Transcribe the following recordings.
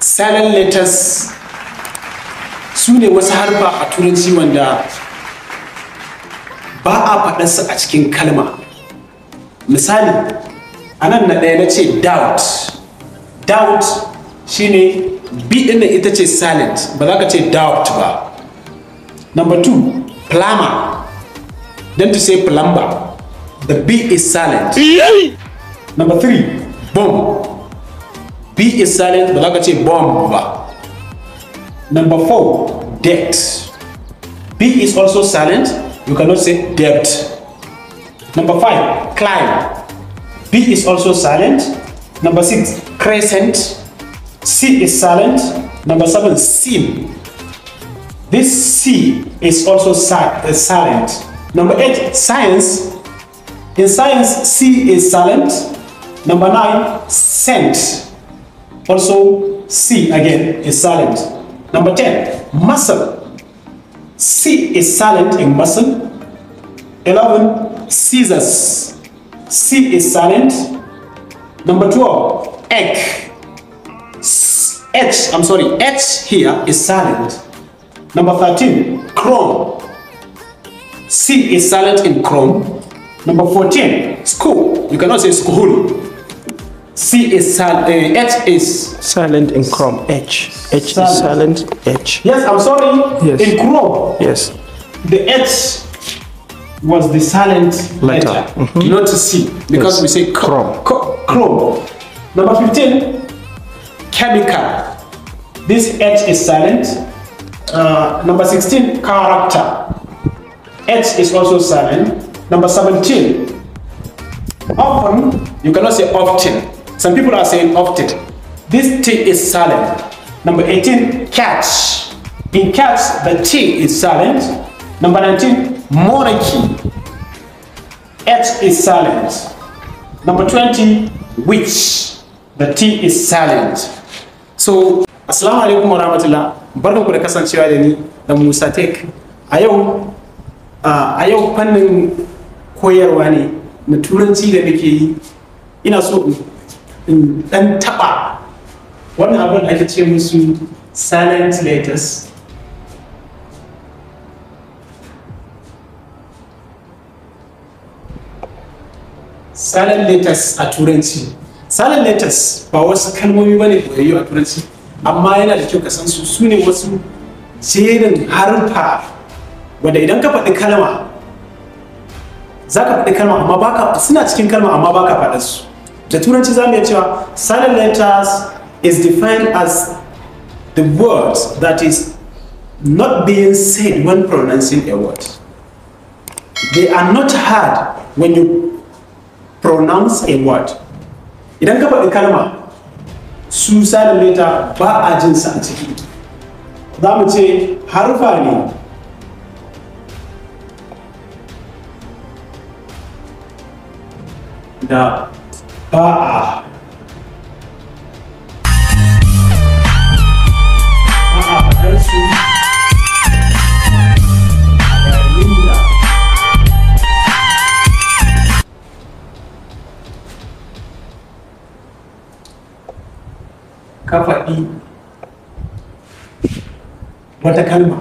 silent letters su ne wasu harfa a turanci wanda ba a su a cikin kalma misali a nan na ɗaya na ce doubt doubt ne b ɗin ita ce silent ba za ka ce doubt ba number two plumber don to say plumber the b is silent number three bomb B is silent, ba za ka bomb Number four, debt. B is also silent, you cannot say debt. Number five, climb. B is also silent. Number six, crescent. C is silent. Number seven, sim. This C is also uh, silent. Number eight, science. In science, C is silent. Number nine, sense. Also, C again is silent. Number 10, muscle. C is silent in muscle. 11, scissors. C is silent. Number 12, egg. S H, I'm sorry, H here is silent. Number 13, chrome. C is silent in chrome. Number 14, school. You cannot say school. C is silent, uh, H is silent in Chrome. H. H silent. is silent. H. Yes, I'm sorry. Yes. In Chrome. Yes. The H was the silent letter, letter. Mm -hmm. not C, because yes. we say Chrome. Chrome. Number 15, chemical. This H is silent. Uh, number 16, character. H is also silent. Number 17, often, you cannot say often. Some people are saying often. This T is silent. Number 18, catch. In catch, the T is silent. Number 19, monarchy. H is silent. Number 20, which. The T is silent. So, Assalamu alaikum wa rahmatullah. Barkanku da kasancewa da ni da Musa Tech. A yau, a yau fannin koyarwa ne na turanci da nake yi. Ina so in ɗan taɓa wannan abin ake ce musu silent letters silent letters a turanci silent letters ba wasu kalmomi ba ne koyayyu a turanci amma yana da kyau ka san su su ne wasu jerin harfa wanda idan ka faɗi kalma za ka faɗi kalma amma baka suna cikin kalma amma baka faɗa su da turanci za mu iya cewa silent letters is defined as the word that is not being said when pronouncing a word they are not heard when you pronounce a word idan ka faɗi kalma su silent letter ba a jin sa a ciki za mu ce harufa ne da ba a faɗar ka faɗi wata kalma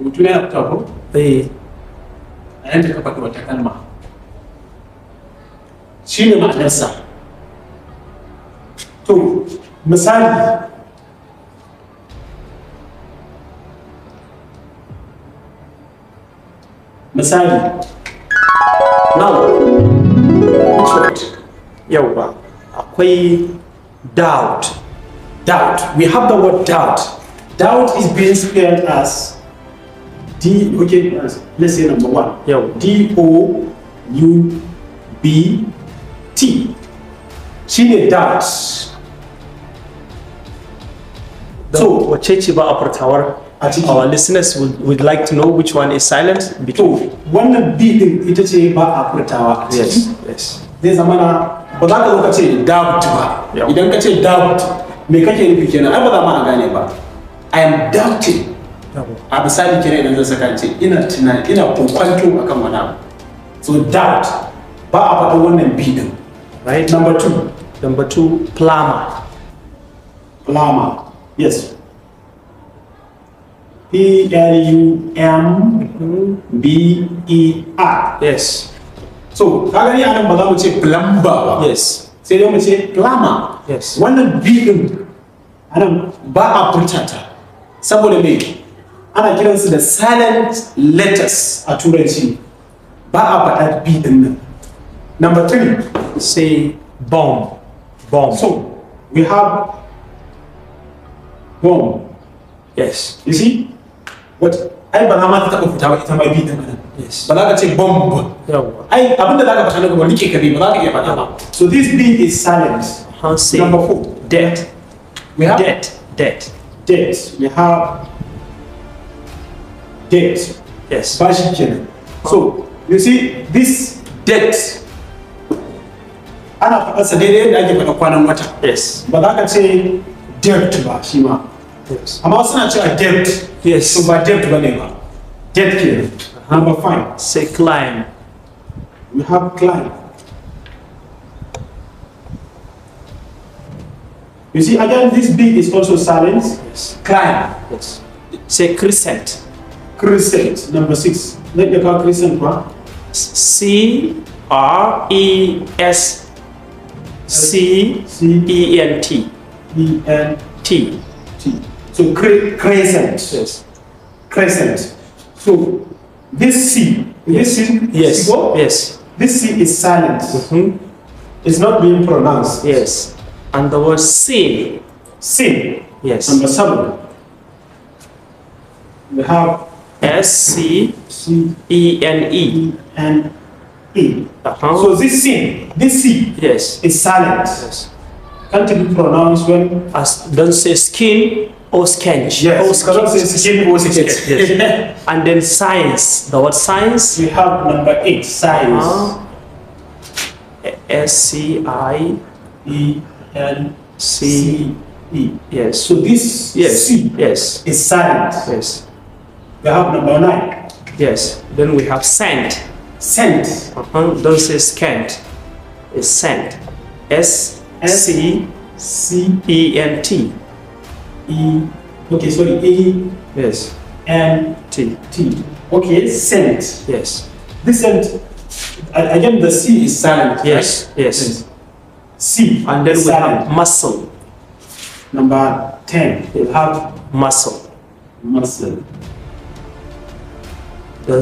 Would you have trouble? They a wata kalma shi ne ma'anarsa to misali misali now akwai doubt doubt we have the word doubt doubt is being spelled as D, okay, let's say number one. Yeah. D O U B T. Shi ne dat. So, wacce ba a Our listeners would, would like to know which one is silent. so wannan B din ita ce ba a furtawa. Yes, yes. Zai zamana ba za ka zo ka ce doubt ba. Idan ka ce doubt, me kake nufi kenan? Ai ba za ma a gane ba. I am doubting. a misali kira idan zai saka ce ina tunani ina a akan wani abu so doubt ba a faɗin wannan b din right number two number two plama plama yes P L U M B E R. Yes. So, kaga ni anan ba za mu ce plamba ba. Yes. Sai dai mu ce plama Yes. Wannan B din anan ba a furta ta. Saboda me? ana kiransu da silent letters a turanci ba a faɗa b din nan number three say bomb bomb so we have bomb yes you see what ai ba za ma ta taɓa fita ba ita ma b din nan yes ba za ka ce bomb ai abin da za ka fita na gaba nike ka bi ba za ka iya faɗa ba so this b is silent number four debt we have debt debt debt we have debt. Yes. Bashing kenan. So, you see this debt ana faɗar sa daidai yadda ake faɗa kwanan Yes. But za can say debt ba shi ma. Yes. Amma suna cewa debt. Yes. So ba debt ba ne ba. Debt kenan. Uh-huh. Number five. Say climb. We have climb. You see, again, this B is also silence. Yes. Climb. Yes. Say crescent crescent number six zan iya kawo crescent ba c r e s c e n t e n t t so cre crescent yes crescent so this c yes. this c yes yes this c is silent mm -hmm. it's not being pronounced yes and the word sin sin yes number seven we have S C E N E. And E. Uh-huh. So this C, this C yes. is silent. Yes. Can't it be pronounced when? As, don't say skin or skench. Yes, or skin. say skin or skench. Yes. and then science. The word science. We have number eight, science. Uh-huh. S C I E N C E. Yes. So this yes. C yes. is silent. Yes. You have number nine. Yes. Then we have sent. Sent. Uh -huh. Don't say scant. It's sent. S C C E N T. E. Okay, sorry. E. Yes. N T. T. Okay, sent. Yes. This sent. Again, the C is silent. Yes. Right? Yes. C. And then we silent. have muscle. Number ten. We have muscle. Muscle. Uh,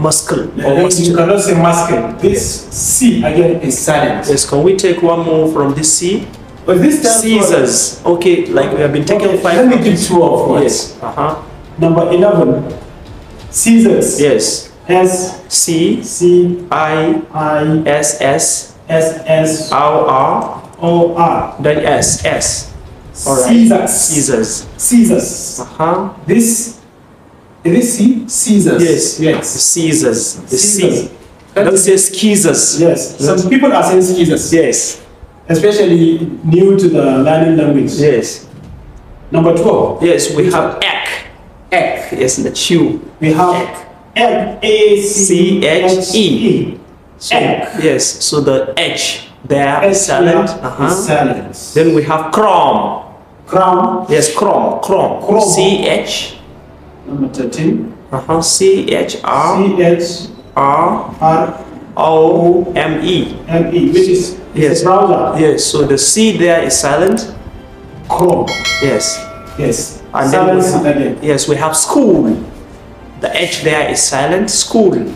muscle. muscle cannot say muscle, this C again is silent. Yes, can we take one more from this C? But this Caesars. Okay, like we have been taking okay, five. Let me do two of words. Yes. Uh-huh. Number eleven. Caesars. Yes. S C C I I S S S S R R O R. Then S S. All right. Caesars. Caesars. Caesars. Uh huh. This is it C? Caesars. Yes. Yes. Caesars. Caesars. C. Don't say skizas. Yes. Some people are saying skizas. Yes. Especially new to the learning language. Yes. Number 12. Yes, we have ek. Ek. Yes, in the chew. We have ek. E. So, ek. Yes, so the H there is silent. Uh -huh. silent. Then we have crom. Crom. Yes, crom. Crom. C H. Number 13. Uh-huh. C H R C H R R O M E. M E, which is yes. browser. Yes, so the C there is silent. Chrome. Yes. Yes. And silent then we, Yes, we have school. The H there is silent. School.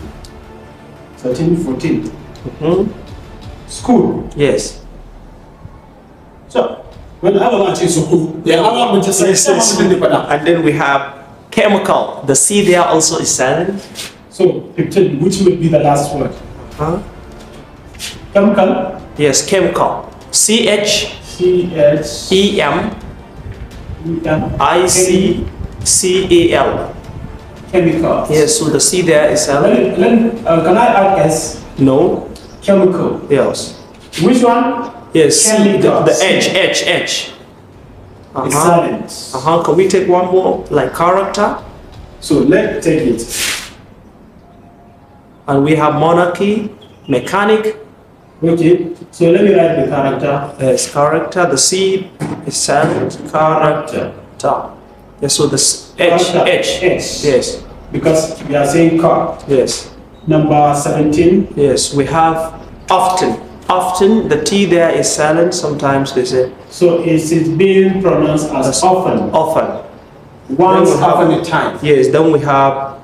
13, 14. Mm-hmm. School. Yes. So, when I want to school, yeah. I want to say, and then we have chemical, the C there also is silent. So, which will be the last word? Huh? Chemical? Yes, chemical. C H C H E M E M I C C A L. Chemical. Yes, so the C there is silent. uh, can I add S? No. Chemical. Yes. Which one? Yes, chemical. the H, H, H uh-huh. Uh-huh. Can we take one more, like character? So let's take it. And we have monarchy, mechanic. Okay, so let me write the character. Yes, uh, character, the C is silent, character. character. Yes, so the H, H. H. Yes. Because we are saying car. Yes. Number 17. Yes, we have often. Often the T there is silent, sometimes they say. So is it being pronounced as, as often? Often. Once have, often a time. Yes, then we have,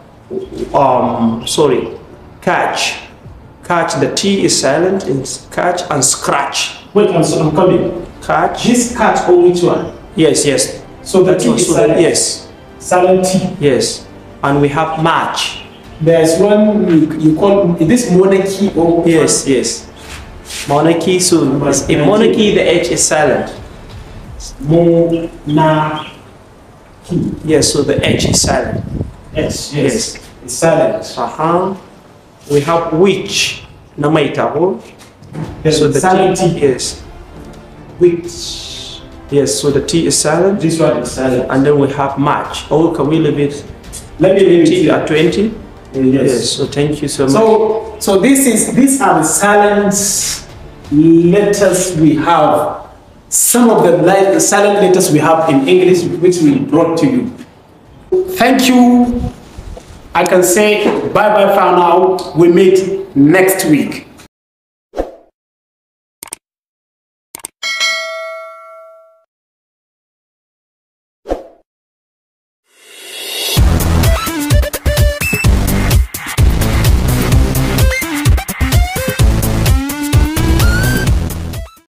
um, sorry, catch. Catch, the T is silent in catch and scratch. Wait, I'm, I'm coming. Catch. This catch or which one? Yes, yes. So the T is silent? Yes. Silent T? Yes. And we have match. There's one you, you call, this monarchy or? Yes, yes monarchy soon. in monarchy, the H is silent. Monarchy. Yes, so the H is silent. Yes, yes. yes. It's silent. Uh-huh. We have which. Namaitaho. Yes, so the T, is Yes. Which. Yes, so the T is silent. This one is silent. And then we have match. Oh, can we leave it? Let me leave it at 20. Yes. yes. So thank you so much. So, so this is these are the silent letters we have. Some of the silent letters we have in English, which we brought to you. Thank you. I can say bye bye for now. We meet next week.